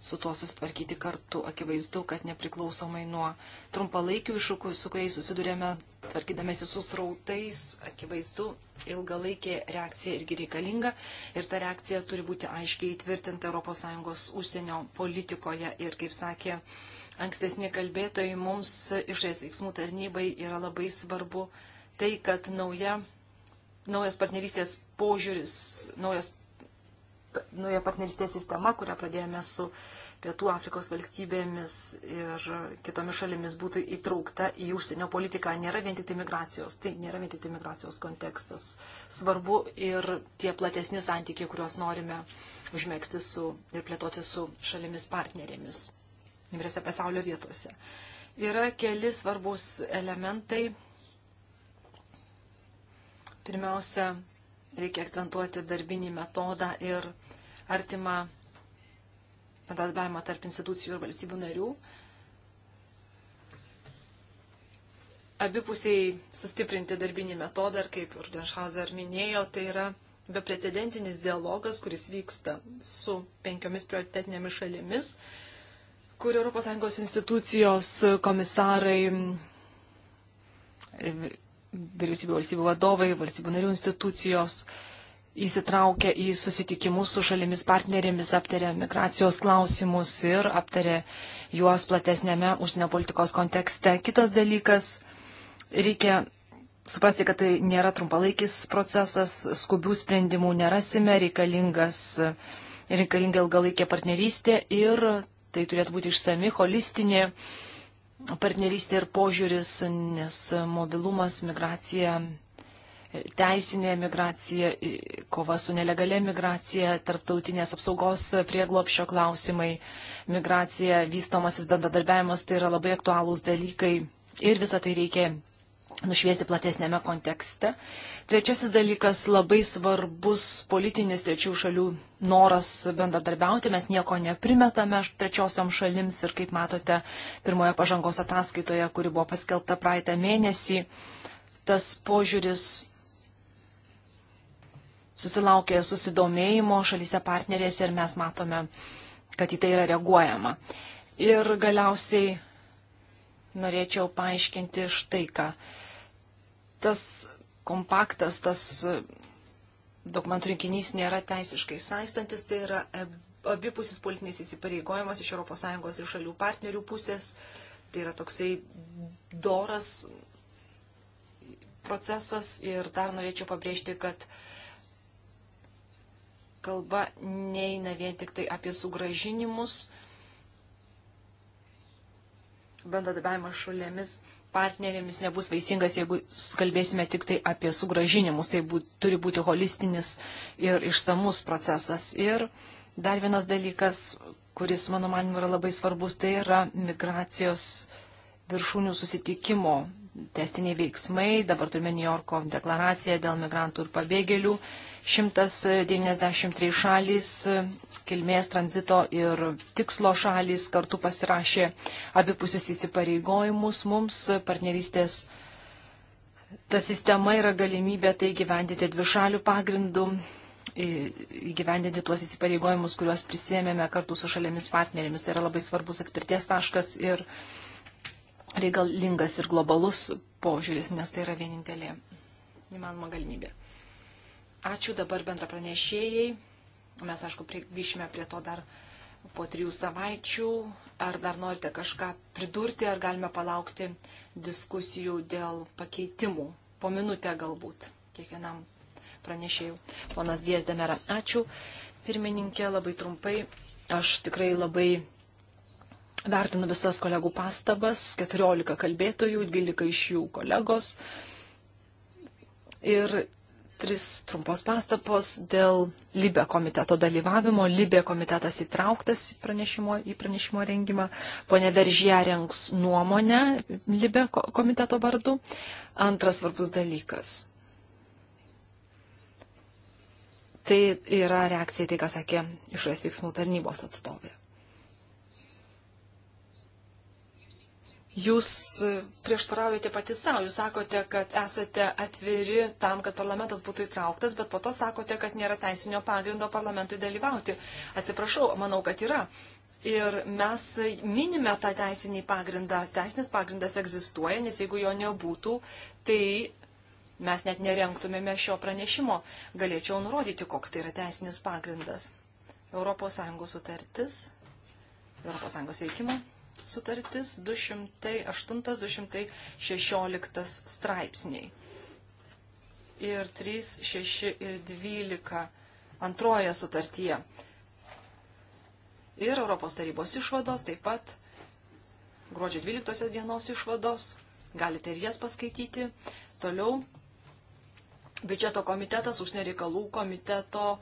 su tuo susitvarkyti kartu. Akivaizdu, kad nepriklausomai nuo trumpalaikių iššūkių, su kuriais susidurėme, tvarkydamėsi su srautais, akivaizdu, ilgalaikė reakcija irgi reikalinga ir ta reakcija turi būti aiškiai įtvirtinta ES užsienio politikoje. Ir kaip sakė ankstesni kalbėtojai, mums išės veiksmų tarnybai yra labai svarbu tai, kad nauja naujas partnerystės požiūris, naujas, nauja partnerystės sistema, kurią pradėjome su Pietų Afrikos valstybėmis ir kitomis šalimis būtų įtraukta į užsienio politiką. Nėra vien tik tai migracijos, tai nėra vien tik tai migracijos kontekstas. Svarbu ir tie platesni santykiai, kuriuos norime užmėgsti su ir plėtoti su šalimis partnerėmis įvairiose pasaulio vietose. Yra keli svarbus elementai Pirmiausia, reikia akcentuoti darbinį metodą ir artimą bendradarbiavimą tarp institucijų ir valstybių narių. Abipusiai sustiprinti darbinį metodą ir, kaip ir Denshauser minėjo, tai yra beprecedentinis dialogas, kuris vyksta su penkiomis prioritetinėmis šalimis, kur ES institucijos komisarai vyriausybių valstybių vadovai, valstybių narių institucijos įsitraukia į susitikimus su šalimis partnerėmis, aptarė migracijos klausimus ir aptarė juos platesnėme užsienio politikos kontekste. Kitas dalykas, reikia suprasti, kad tai nėra trumpalaikis procesas, skubių sprendimų nerasime, reikalingas, reikalinga ilgalaikė partnerystė ir tai turėtų būti išsami, holistinė partnerystė ir požiūris, nes mobilumas, migracija, teisinė migracija, kova su nelegalia migracija, tarptautinės apsaugos prieglopšio klausimai, migracija, vystomasis bendradarbiavimas, tai yra labai aktualūs dalykai ir visą tai reikia nušviesti platesnėme kontekste. Trečiasis dalykas - labai svarbus politinis trečių šalių noras bendradarbiauti. Mes nieko neprimetame trečiosiom šalims ir, kaip matote, pirmoje pažangos ataskaitoje, kuri buvo paskelbta praeitą mėnesį, tas požiūris susilaukė susidomėjimo šalyse partnerėse ir mes matome, kad į tai yra reaguojama. Ir galiausiai norėčiau paaiškinti štai ką tas kompaktas, tas e, dokumentų rinkinys nėra teisiškai saistantis, tai yra e, abipusis politinis įsipareigojimas iš ES ir šalių partnerių pusės. Tai yra toksai doras procesas ir dar norėčiau pabrėžti, kad kalba neina vien tik tai apie sugražinimus, bendradarbiavimą šalėmis partnerėmis nebus vaisingas, jeigu kalbėsime tik tai apie sugražinimus. Tai būt, turi būti holistinis ir išsamus procesas. Ir dar vienas dalykas, kuris, mano manimu, yra labai svarbus, tai yra migracijos viršūnių susitikimo testiniai veiksmai. Dabar turime New Yorko deklaraciją dėl migrantų ir pabėgėlių. 193 šalys, kilmės tranzito ir tikslo šalys kartu pasirašė abipusius įsipareigojimus mums partnerystės. Ta sistema yra galimybė tai gyvendyti dvišalių pagrindų įgyvendinti tuos įsipareigojimus, kuriuos prisėmėme kartu su šalėmis partnerėmis. Tai yra labai svarbus atspirties taškas ir uh, reikalingas ir globalus požiūris, nes tai yra vienintelė įmanoma galimybė. Ačiū dabar bendra pranešėjai. Mes, aišku, grįšime prie to dar po trijų savaičių. Ar dar norite kažką pridurti, ar galime palaukti diskusijų dėl pakeitimų? Po minutę galbūt kiekvienam pranešėjų. Ponas Diezdemerą, ačiū. Pirmininkė, labai trumpai. Aš tikrai labai Vertinu visas kolegų pastabas, 14 kalbėtojų, 12 iš jų kolegos. Ir tris trumpos pastabos dėl Libė komiteto dalyvavimo. Libė komitetas įtrauktas į pranešimo, į pranešimo rengimą. Pone Veržė rengs nuomonę Libė komiteto vardu. Antras svarbus dalykas. Tai yra reakcija tai, ką sakė išorės veiksmų tarnybos atstovė. Jūs e, prieštaraujate pati savo, jūs sakote, kad esate atviri tam, kad parlamentas būtų įtrauktas, bet po to sakote, kad nėra teisinio pagrindo parlamentui dalyvauti. Atsiprašau, manau, kad yra. Ir mes minime tą teisinį pagrindą. Teisinis pagrindas egzistuoja, nes jeigu jo nebūtų, tai mes net nerenktumėme šio pranešimo. Galėčiau nurodyti, koks tai yra teisinis pagrindas. ES sutartis, ES veikimo sutartis 208-216 straipsniai. Ir 3, 6 ir 12 antroje sutartyje. Ir Europos tarybos išvados, taip pat gruodžio 12 dienos išvados, galite ir jas paskaityti. Toliau biudžeto komitetas, užsienio reikalų komiteto uh,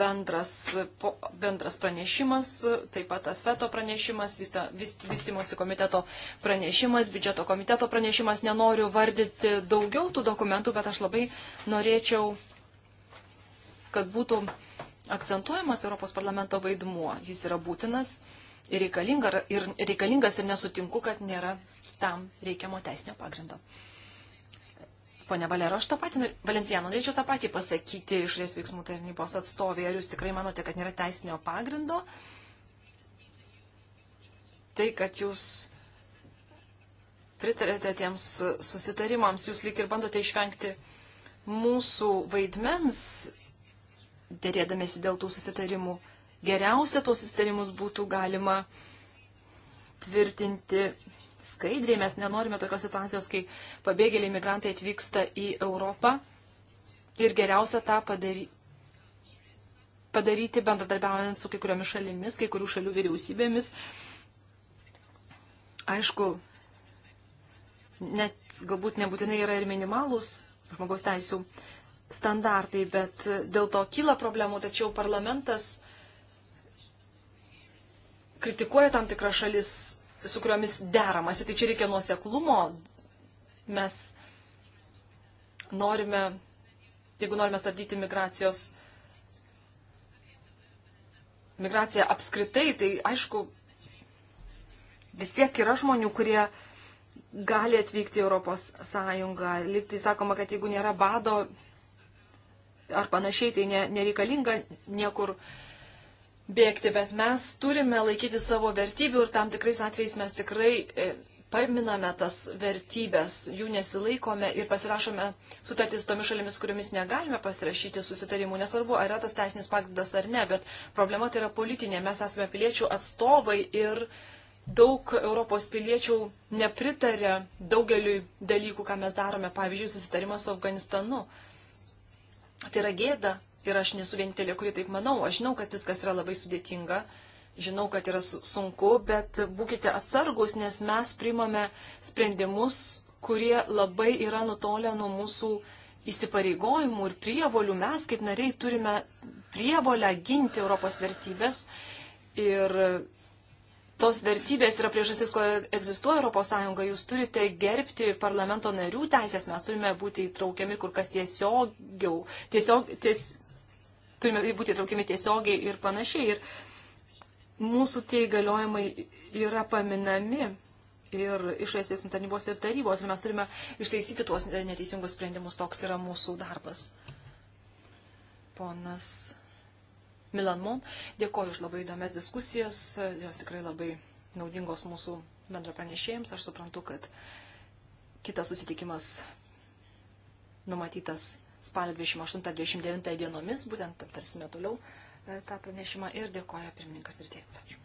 bendras, po, bendras pranešimas, taip pat afeto pranešimas, vysto, vyst, vystimosi komiteto pranešimas, biudžeto komiteto pranešimas. Nenoriu vardyti daugiau tų dokumentų, bet aš labai norėčiau, kad būtų akcentuojamas Europos parlamento vaidmuo. Jis yra būtinas ir, reikalinga, ir reikalingas ir nesutinku, kad nėra tam reikiamo teisinio pagrindo. Pone Valero, aš tą patį, Valenciano, norėčiau tą patį pasakyti išrės veiksmų tarnybos atstovė. Ar jūs tikrai manote, kad nėra teisinio pagrindo? Tai, kad jūs pritarėte tiems susitarimams, jūs lyg ir bandote išvengti mūsų vaidmens, dėrėdamėsi dėl tų susitarimų. Geriausia tuos susitarimus būtų galima tvirtinti skaidriai. Mes nenorime tokios situacijos, kai pabėgėliai migrantai atvyksta į Europą. Ir geriausia tą padary... padaryti bendradarbiaujant su kai kuriomis šalimis, kai kurių šalių vyriausybėmis. Aišku, net galbūt nebūtinai yra ir minimalus žmogaus teisų standartai, bet dėl to kyla problemų, tačiau parlamentas kritikuoja tam tikras šalis su kuriomis deramasi. Tai čia reikia nuoseklumo. Mes norime, jeigu norime stabdyti migracijos, migraciją apskritai, tai aišku, vis tiek yra žmonių, kurie gali atvykti į Europos Sąjungą. Liktai sakoma, kad jeigu nėra bado ar panašiai, tai ne, nereikalinga niekur uh, bėgti, bet mes turime laikyti savo vertybių ir tam tikrais atvejais mes tikrai e, paminame tas vertybės, jų nesilaikome ir pasirašome sutartį su tomis šalimis, kuriomis negalime pasirašyti susitarimų, nesvarbu, ar yra tas teisinis pagrindas ar ne, bet problema tai yra politinė, mes esame piliečių atstovai ir daug Europos piliečių nepritarė daugeliu dalykų, ką mes darome, pavyzdžiui, susitarimas su Afganistanu. Tai yra gėda, ir aš nesu vienintelė, kuri taip manau. Aš žinau, kad viskas yra labai sudėtinga, žinau, kad yra sunku, bet būkite atsargus, nes mes primame sprendimus, kurie labai yra nutolę nuo mūsų įsipareigojimų ir prievolių. Mes kaip nariai turime prievolę ginti Europos vertybės ir tos vertybės yra priežasis, kodėl egzistuoja ES, jūs turite gerbti parlamento narių teisės, mes turime būti įtraukiami kur kas tiesiogiau, tiesiog, ties, turime būti traukiami tiesiogiai ir panašiai. Ir mūsų tie įgaliojimai yra paminami ir išorės veiksmų tarnybos ir tarybos. Ir mes turime ištaisyti tuos neteisingus sprendimus. Toks yra mūsų darbas. Ponas Milanmon, dėkoju už labai įdomias diskusijas. Jos tikrai labai naudingos mūsų bendra pranešėjams. Aš suprantu, kad kitas susitikimas numatytas spalio 28-29 dienomis, būtent aptarsime toliau e, tą pranešimą ir dėkoja pirmininkas ir tėvas. Ačiū.